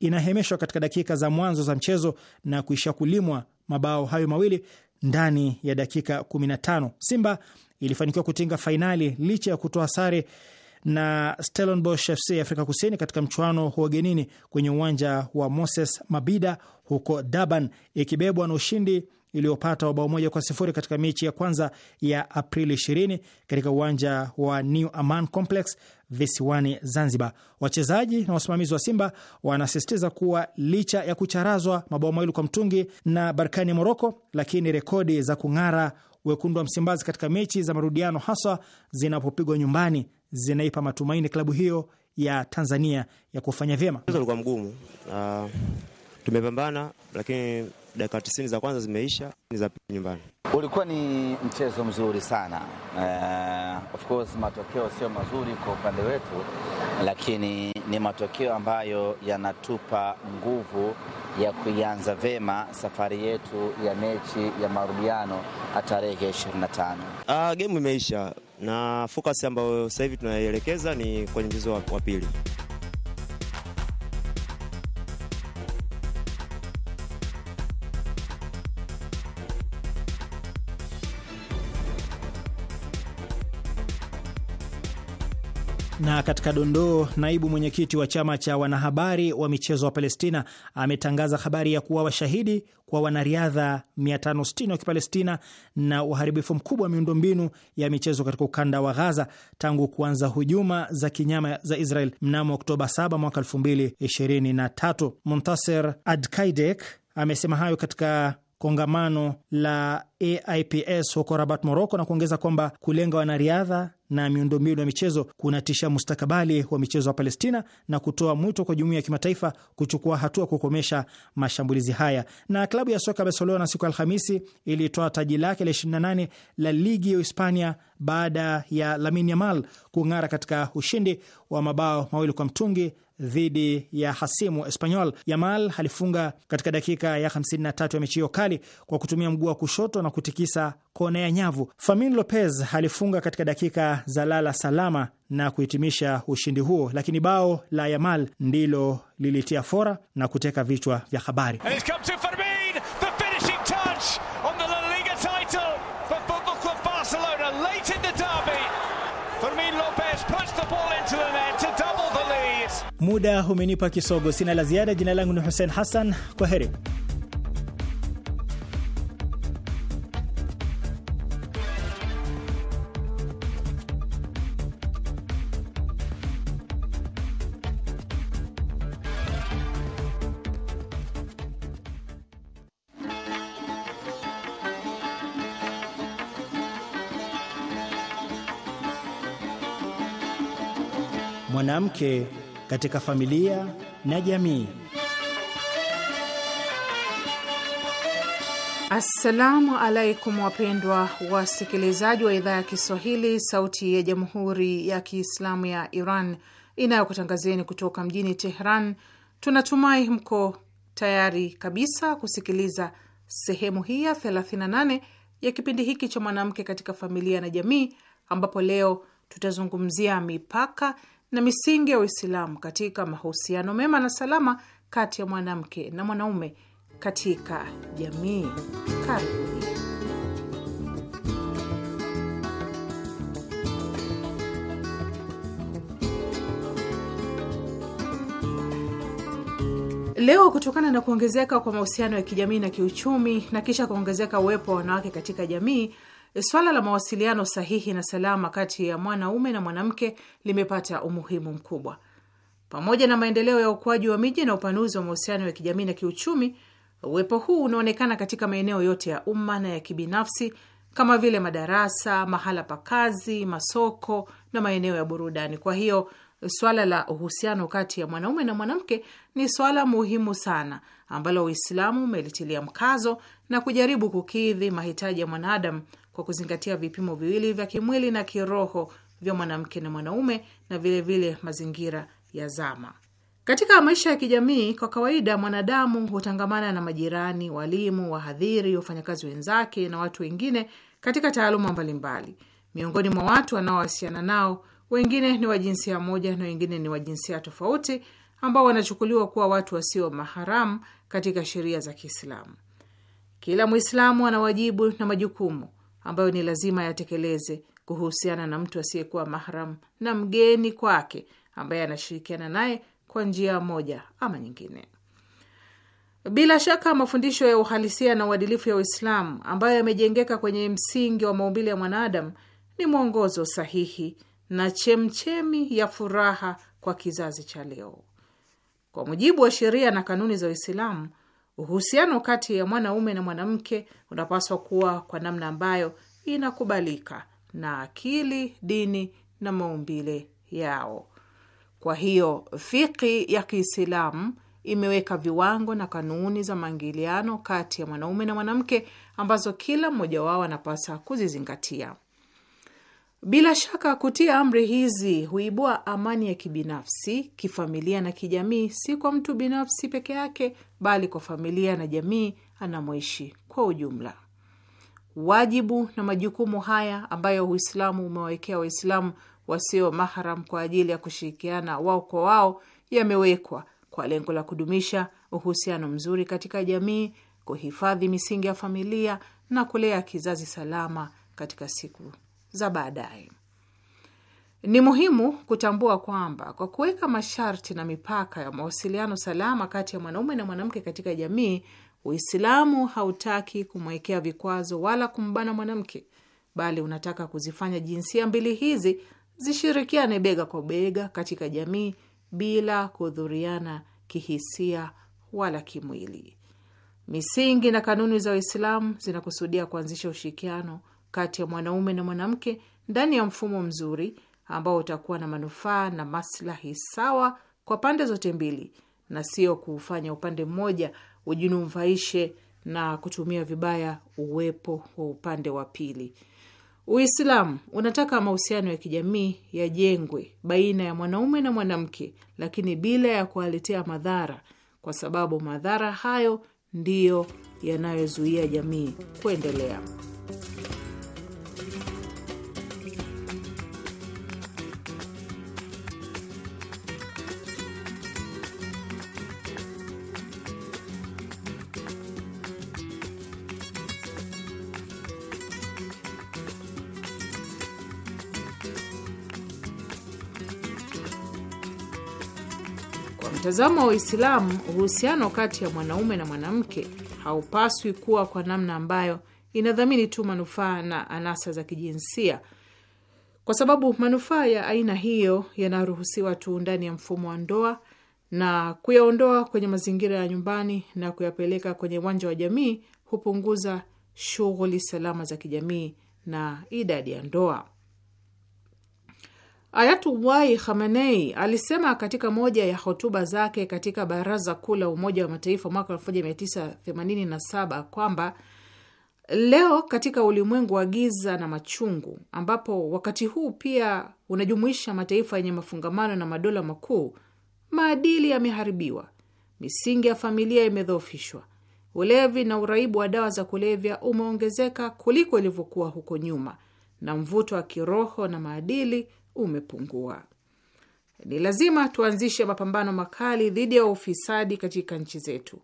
D: inahemeshwa katika dakika za mwanzo za mchezo na kuisha kulimwa mabao hayo mawili ndani ya dakika 15. Simba ilifanikiwa kutinga fainali licha ya kutoa sare na Stellenbosch FC Afrika Kusini katika mchuano wa ugenini kwenye uwanja wa Moses Mabida huko Durban, ikibebwa na ushindi iliyopata wa bao moja kwa sifuri katika mechi ya kwanza ya Aprili 20 katika uwanja wa New Aman Complex visiwani Zanzibar. Wachezaji na wasimamizi wa Simba wanasisitiza kuwa licha ya kucharazwa mabao mawili kwa mtungi na Barkani Moroko, lakini rekodi za kung'ara wekundu wa Msimbazi katika mechi za marudiano, haswa zinapopigwa nyumbani, zinaipa matumaini klabu hiyo ya Tanzania ya kufanya vyema. Ulikuwa mgumu, uh, tumepambana lakini dakika tisini za kwanza zimeisha, ni za pili nyumbani. Ulikuwa ni mchezo mzuri sana. Uh, of course matokeo sio mazuri kwa upande wetu, lakini ni matokeo ambayo yanatupa nguvu ya kuianza vema safari yetu ya mechi ya marudiano tarehe 25. Uh, gemu imeisha na fokasi ambayo sasa hivi tunaielekeza ni kwenye mchezo wa pili. Na katika dondoo, naibu mwenyekiti wa chama cha wanahabari wa michezo wa Palestina ametangaza habari ya kuwa washahidi kwa wanariadha 560 wa Kipalestina na uharibifu mkubwa wa miundombinu ya michezo katika ukanda wa Ghaza tangu kuanza hujuma za kinyama za Israel mnamo Oktoba 7 mwaka 2023. Muntaser Adkaidek amesema hayo katika kongamano la AIPS huko Rabat, Moroko, na kuongeza kwamba kulenga wanariadha na miundombinu ya michezo kunatisha mustakabali wa michezo wa Palestina na kutoa mwito kwa jumuiya ya kimataifa kuchukua hatua kukomesha mashambulizi haya. Na klabu ya soka Barcelona siku ya Alhamisi ilitoa taji lake la 28 la ligi ya uhispania baada ya Lamine Yamal kung'ara katika ushindi wa mabao mawili kwa mtungi dhidi ya hasimu Espanyol. Yamal alifunga katika dakika ya 53 ya mechi hiyo kali kwa kutumia mguu wa kushoto na kutikisa kona ya nyavu. famin Lopez alifunga katika dakika za lala salama na kuhitimisha ushindi huo, lakini bao la Yamal ndilo lilitia fora na kuteka vichwa vya habari. Muda umenipa kisogo, sina la ziada. Jina langu ni Hussein Hassan, kwa heri. Mwanamke katika familia na jamii.
F: Assalamu alaikum, wapendwa wasikilizaji wa idhaa ya Kiswahili, Sauti ya Jamhuri ya Kiislamu ya Iran inayokutangazieni kutoka mjini Tehran. Tunatumai mko tayari kabisa kusikiliza sehemu hii ya 38 ya kipindi hiki cha mwanamke katika familia na jamii, ambapo leo tutazungumzia mipaka na misingi ya Uislamu katika mahusiano mema na salama kati ya mwanamke na mwanaume katika jamii. Karibuni. Leo kutokana na kuongezeka kwa mahusiano ya kijamii na kiuchumi na kisha kuongezeka uwepo wa wanawake katika jamii Swala la mawasiliano sahihi na salama kati ya mwanaume na mwanamke limepata umuhimu mkubwa. Pamoja na maendeleo ya ukuaji wa miji na upanuzi wa mahusiano ya kijamii na kiuchumi, uwepo huu unaonekana katika maeneo yote ya umma na ya kibinafsi kama vile madarasa, mahala pa kazi, masoko na maeneo ya burudani. Kwa hiyo swala la uhusiano kati ya mwanaume na mwanamke ni swala muhimu sana ambalo Uislamu umelitilia mkazo na kujaribu kukidhi mahitaji ya mwanadamu kwa kuzingatia vipimo viwili vya kimwili na kiroho vya mwanamke na mwanaume na vilevile vile mazingira ya zama. Katika maisha ya kijamii, kwa kawaida mwanadamu hutangamana na majirani, walimu, wahadhiri, wafanyakazi wenzake na watu wengine katika taaluma mbalimbali. Miongoni mwa watu wanaowasiliana nao, wengine ni wa jinsia moja na wengine ni wa jinsia tofauti, ambao wanachukuliwa kuwa watu wasio maharamu katika sheria za Kiislamu. Kila Mwislamu ana wajibu na majukumu ambayo ni lazima yatekeleze kuhusiana na mtu asiyekuwa mahram na mgeni kwake ambaye anashirikiana naye kwa njia moja ama nyingine. Bila shaka mafundisho ya uhalisia na uadilifu ya Uislamu ambayo yamejengeka kwenye msingi wa maumbile ya mwanadamu ni mwongozo sahihi na chemchemi ya furaha kwa kizazi cha leo. Kwa mujibu wa sheria na kanuni za Uislamu, Uhusiano kati ya mwanaume na mwanamke unapaswa kuwa kwa namna ambayo inakubalika na akili, dini na maumbile yao. Kwa hiyo fiki ya Kiislamu imeweka viwango na kanuni za maingiliano kati ya mwanaume na mwanamke ambazo kila mmoja wao anapasa kuzizingatia. Bila shaka kutia amri hizi huibua amani ya kibinafsi, kifamilia na kijamii, si kwa mtu binafsi peke yake, bali kwa familia na jamii anamoishi kwa ujumla. Wajibu na majukumu haya ambayo Uislamu umewawekea Waislamu wasio maharam kwa ajili ya kushirikiana wao kwa wao yamewekwa kwa lengo la kudumisha uhusiano mzuri katika jamii, kuhifadhi misingi ya familia na kulea kizazi salama katika siku za baadaye. Ni muhimu kutambua kwamba kwa kuweka masharti na mipaka ya mawasiliano salama kati ya mwanaume na mwanamke katika jamii, Uislamu hautaki kumwekea vikwazo wala kumbana mwanamke, bali unataka kuzifanya jinsia mbili hizi zishirikiane bega kwa bega katika jamii bila kudhuriana kihisia wala kimwili. Misingi na kanuni za Uislamu zinakusudia kuanzisha ushirikiano kati ya mwanaume na mwanamke ndani ya mfumo mzuri ambao utakuwa na manufaa na maslahi sawa kwa pande zote mbili, na sio kuufanya upande mmoja ujinufaishe na kutumia vibaya uwepo wa upande wa pili. Uislamu unataka mahusiano ya kijamii yajengwe baina ya mwanaume na mwanamke, lakini bila ya kuwaletea madhara, kwa sababu madhara hayo ndiyo yanayozuia jamii kuendelea. mtazamo wa Uislamu, uhusiano kati ya mwanaume na mwanamke haupaswi kuwa kwa namna ambayo inadhamini tu manufaa na anasa za kijinsia, kwa sababu manufaa ya aina hiyo yanaruhusiwa tu ndani ya mfumo wa ndoa, na kuyaondoa kwenye mazingira ya nyumbani na kuyapeleka kwenye uwanja wa jamii hupunguza shughuli salama za kijamii na idadi ya ndoa. Ayatullahi Khamenei alisema katika moja ya hotuba zake katika Baraza Kuu la Umoja wa Mataifa mwaka 1987 kwamba leo katika ulimwengu wa giza na machungu, ambapo wakati huu pia unajumuisha mataifa yenye mafungamano na madola makuu, maadili yameharibiwa, misingi ya familia imedhoofishwa, ulevi na uraibu wa dawa za kulevya umeongezeka kuliko ilivyokuwa huko nyuma, na mvuto wa kiroho na maadili umepungua. Ni lazima tuanzishe mapambano makali dhidi ya ufisadi katika nchi zetu.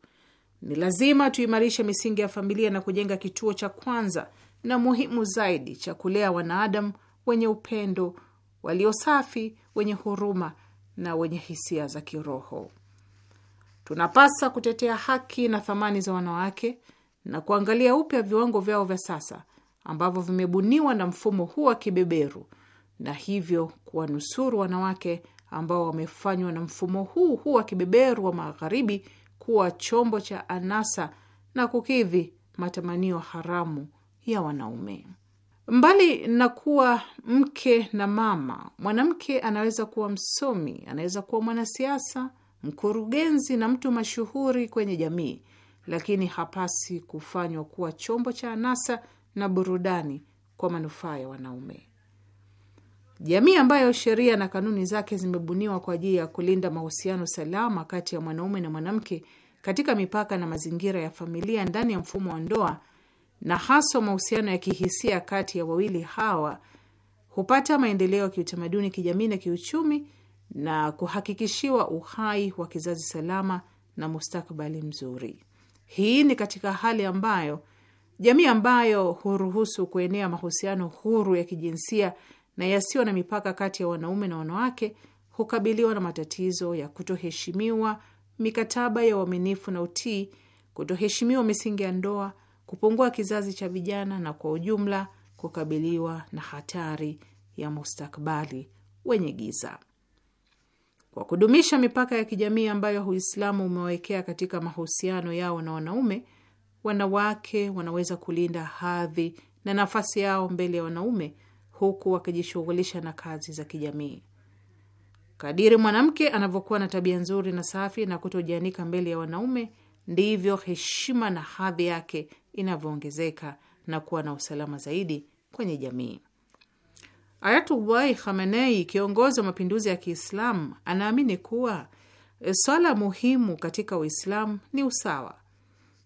F: Ni lazima tuimarishe misingi ya familia na kujenga kituo cha kwanza na muhimu zaidi cha kulea wanaadam wenye upendo, walio safi, wenye huruma na wenye hisia za kiroho. Tunapasa kutetea haki na thamani za wanawake na kuangalia upya viwango vyao vya sasa ambavyo vimebuniwa na mfumo huu wa kibeberu na hivyo kuwanusuru wanawake ambao wamefanywa na mfumo huu huu wa kibeberu wa Magharibi kuwa chombo cha anasa na kukidhi matamanio haramu ya wanaume. Mbali na kuwa mke na mama, mwanamke anaweza kuwa msomi, anaweza kuwa mwanasiasa, mkurugenzi na mtu mashuhuri kwenye jamii, lakini hapasi kufanywa kuwa chombo cha anasa na burudani kwa manufaa ya wanaume. Jamii ambayo sheria na kanuni zake zimebuniwa kwa ajili ya kulinda mahusiano salama kati ya mwanaume na mwanamke katika mipaka na mazingira ya familia ndani ya mfumo wa ndoa, na haswa mahusiano ya kihisia kati ya wawili hawa, hupata maendeleo ya kiutamaduni, kijamii na kiuchumi na kuhakikishiwa uhai wa kizazi salama na mustakabali mzuri. Hii ni katika hali ambayo jamii ambayo huruhusu kuenea mahusiano huru ya kijinsia na yasiyo na mipaka kati ya wanaume na wanawake hukabiliwa na matatizo ya kutoheshimiwa mikataba ya uaminifu na utii, kutoheshimiwa misingi ya ndoa, kupungua kizazi cha vijana na kwa ujumla kukabiliwa na hatari ya mustakbali wenye giza. Kwa kudumisha mipaka ya kijamii ambayo Uislamu umewawekea katika mahusiano yao na wanaume, wanawake wanaweza kulinda hadhi na nafasi yao mbele ya wanaume huku wakijishughulisha na kazi za kijamii. Kadiri mwanamke anavyokuwa na tabia nzuri na safi na kutojianika mbele ya wanaume, ndivyo heshima na hadhi yake inavyoongezeka na kuwa na usalama zaidi kwenye jamii. ayatullahi Khamenei, kiongozi wa mapinduzi ya Kiislamu, anaamini kuwa eh, swala muhimu katika Uislamu ni usawa,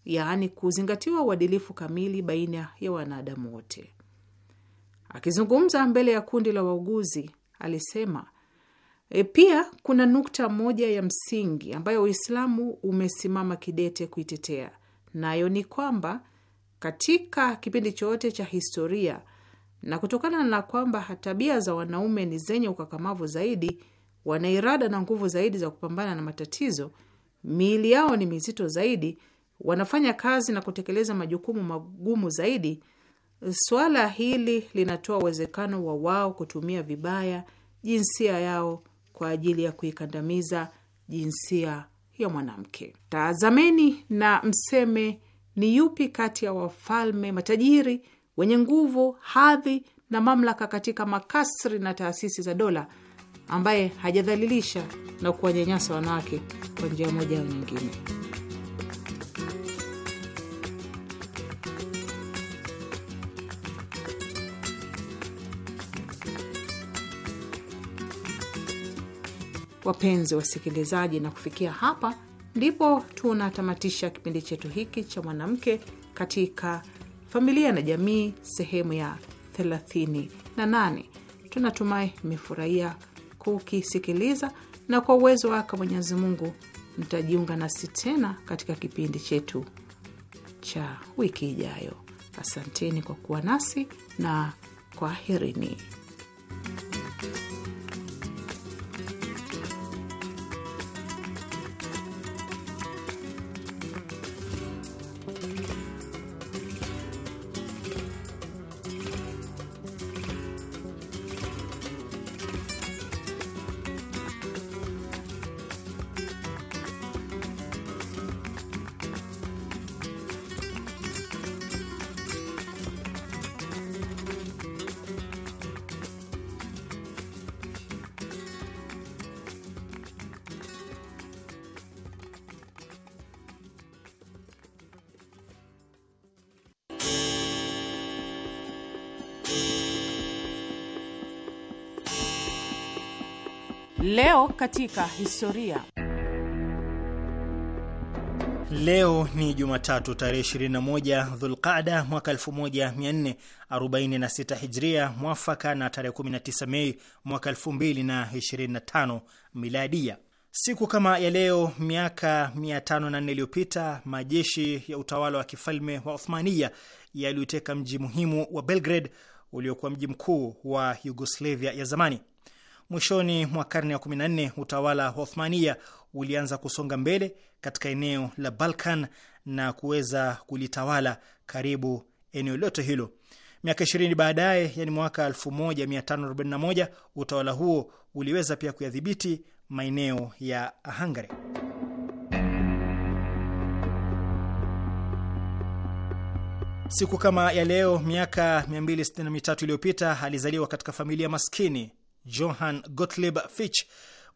F: yaani kuzingatiwa uadilifu kamili baina ya wanadamu wote. Akizungumza mbele ya kundi la wauguzi alisema e, pia kuna nukta moja ya msingi ambayo Uislamu umesimama kidete kuitetea, nayo ni kwamba katika kipindi chote cha historia na kutokana na kwamba tabia za wanaume ni zenye ukakamavu zaidi, wana irada na nguvu zaidi za kupambana na matatizo, miili yao ni mizito zaidi, wanafanya kazi na kutekeleza majukumu magumu zaidi Suala hili linatoa uwezekano wa wao kutumia vibaya jinsia yao kwa ajili ya kuikandamiza jinsia ya mwanamke. Tazameni na mseme ni yupi kati ya wafalme matajiri wenye nguvu, hadhi na mamlaka katika makasri na taasisi za dola ambaye hajadhalilisha na kuwanyanyasa wanawake kwa njia moja au nyingine. wapenzi wasikilizaji, na kufikia hapa ndipo tunatamatisha kipindi chetu hiki cha mwanamke katika familia na jamii sehemu ya 38. Tunatumai mmefurahia kukisikiliza na kwa uwezo wake Mwenyezi Mungu mtajiunga nasi tena katika kipindi chetu cha wiki ijayo. Asanteni kwa kuwa nasi na kwaherini. Leo katika historia.
D: Leo ni Jumatatu tarehe 21 Dhulqada mwaka 1446 Hijria, mwafaka na tarehe 19 Mei mwaka 2025 Miladia. Siku kama ya leo miaka 504 iliyopita majeshi ya utawala wa kifalme wa Othmania yaliyoteka mji muhimu wa Belgrade uliokuwa mji mkuu wa Yugoslavia ya zamani. Mwishoni mwa karne ya 14 utawala wa Othmania ulianza kusonga mbele katika eneo la Balkan na kuweza kulitawala karibu eneo lote hilo. Miaka 20 baadaye, yani mwaka 1541, utawala huo uliweza pia kuyadhibiti maeneo ya Hungary. Siku kama ya leo miaka 263 iliyopita alizaliwa katika familia maskini Johann Gottlieb Fichte,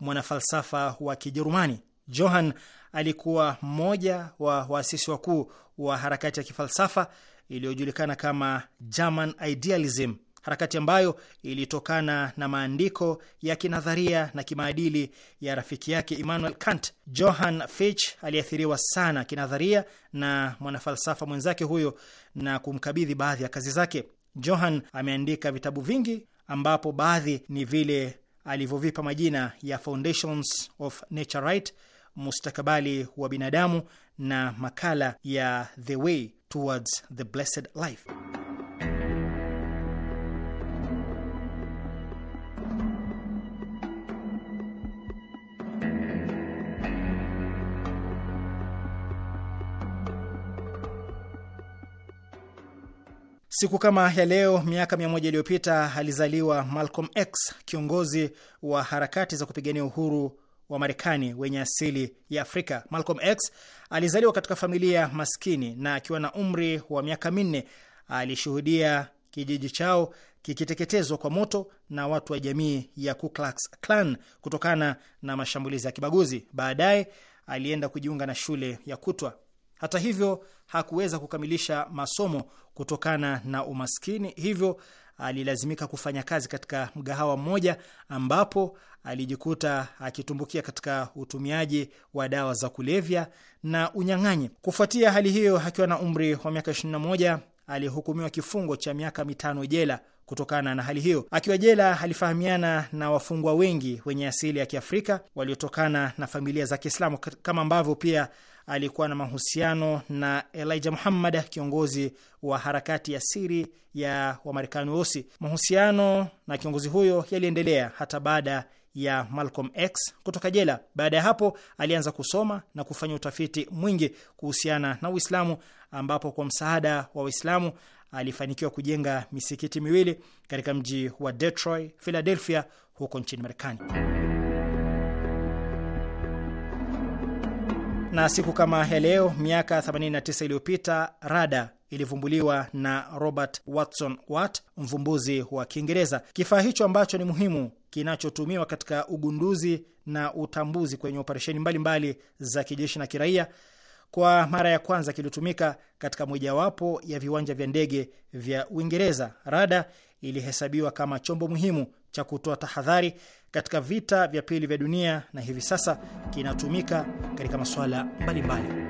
D: mwanafalsafa wa Kijerumani. Johann alikuwa mmoja wa waasisi wakuu wa harakati ya kifalsafa iliyojulikana kama German Idealism, harakati ambayo ilitokana na maandiko ya kinadharia na kimaadili ya rafiki yake Immanuel Kant. Johann Fichte aliathiriwa sana kinadharia na mwanafalsafa mwenzake huyo na kumkabidhi baadhi ya kazi zake. Johann ameandika vitabu vingi ambapo baadhi ni vile alivyovipa majina ya Foundations of Nature-Right, mustakabali wa binadamu na makala ya The Way Towards the Blessed Life. Siku kama ya leo miaka mia moja iliyopita alizaliwa Malcolm X, kiongozi wa harakati za kupigania uhuru wa Marekani wenye asili ya Afrika. Malcolm X alizaliwa katika familia maskini na akiwa na umri wa miaka minne alishuhudia kijiji chao kikiteketezwa kwa moto na watu wa jamii ya Ku Klux Klan kutokana na mashambulizi ya kibaguzi. Baadaye alienda kujiunga na shule ya kutwa. Hata hivyo hakuweza kukamilisha masomo kutokana na umaskini, hivyo alilazimika kufanya kazi katika mgahawa mmoja ambapo alijikuta akitumbukia katika utumiaji wa dawa za kulevya na unyang'anyi. Kufuatia hali hiyo, akiwa na umri wa miaka 21 alihukumiwa kifungo cha miaka mitano jela kutokana na hali hiyo. Akiwa jela, alifahamiana na wafungwa wengi wenye asili ya Kiafrika waliotokana na familia za Kiislamu, kama ambavyo pia alikuwa na mahusiano na Elijah Muhammad, kiongozi wa harakati ya siri ya Wamarekani weusi. Mahusiano na kiongozi huyo yaliendelea hata baada ya Malcolm X kutoka jela. Baada ya hapo, alianza kusoma na kufanya utafiti mwingi kuhusiana na Uislamu, ambapo kwa msaada wa Waislamu alifanikiwa kujenga misikiti miwili katika mji wa Detroit, Philadelphia huko nchini Marekani. Na siku kama ya leo miaka 89 iliyopita rada ilivumbuliwa na Robert Watson Watt, mvumbuzi wa Kiingereza. Kifaa hicho ambacho ni muhimu kinachotumiwa katika ugunduzi na utambuzi kwenye operesheni mbalimbali za kijeshi na kiraia, kwa mara ya kwanza kilitumika katika mojawapo ya viwanja vya ndege vya Uingereza. Rada ilihesabiwa kama chombo muhimu cha kutoa tahadhari katika vita vya pili vya dunia na hivi sasa kinatumika katika masuala mbalimbali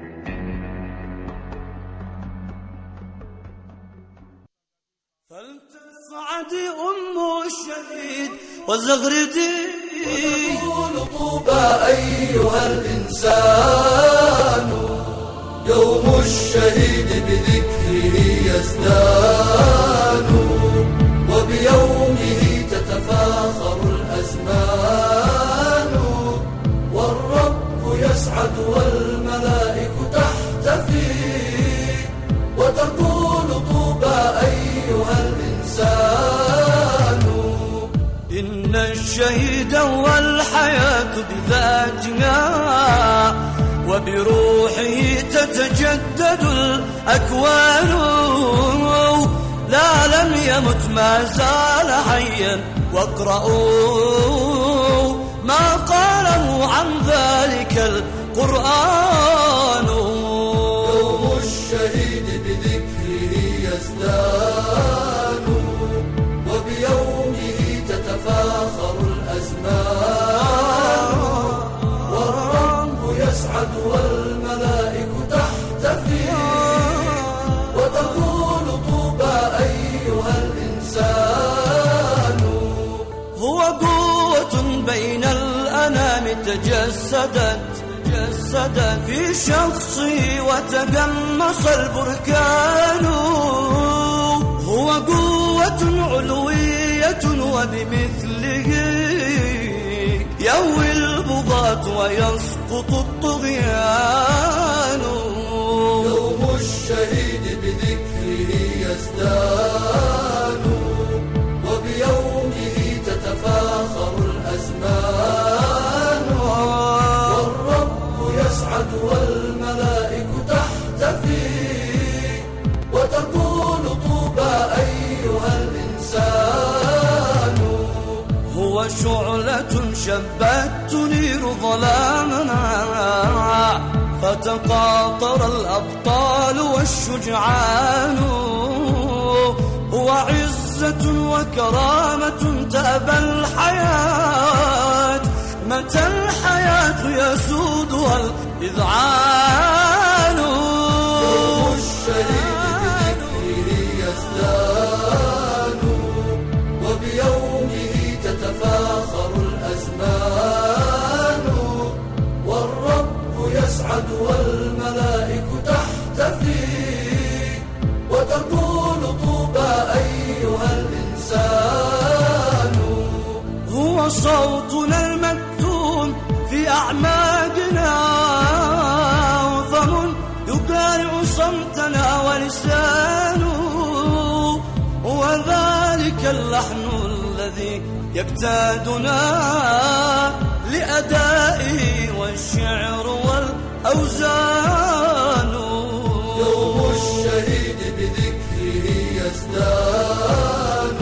G: الرحمن والرب يسعد والملائك تحتفي وتقول طوبى أيها الإنسان إن الشهيد والحياة بذاتنا وبروحه تتجدد الأكوان لا لم يمت ما زال حيا واقرأوا ما قاله عن ذلك القرآن دوم الشهيد بذكره يزداد صدى في شخصي وتقمص البركان هو قوة علوية وبمثله يوي البغاة ويسقط الطغيان يوم الشهيد بذكره يزداد والملائك تحتفي وتقول طوبى أيها الإنسان هو شعلة شبت تنير ظلاما فتقاطر الأبطال والشجعان هو عزة وكرامة تأبى الحياة متى الحياة يسودها إذ بذكره وبيومه تتفاخر الأزمان والرب يسعد والملائك تحتفي وتقول طوبى أيها الإنسان هو صوتنا المكتوم في أعمال اللحن الذي يبتادنا لأدائي والشعر والأوزان يوم الشهيد بذكره يزدان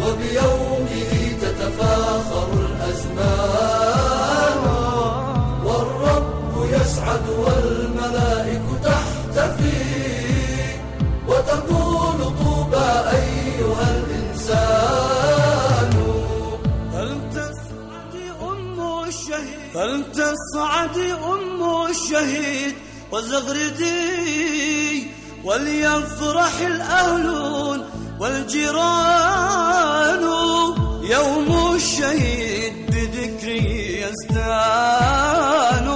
G: وبيومه تتفاخر الأزمان والرب يسعد والملائك تحتفي وتقول الإنسان فلتصعد أم الشهيد فلتصعد أم الشهيد وزغردي وليفرح الأهلون والجيران يوم الشهيد بذكري يستعان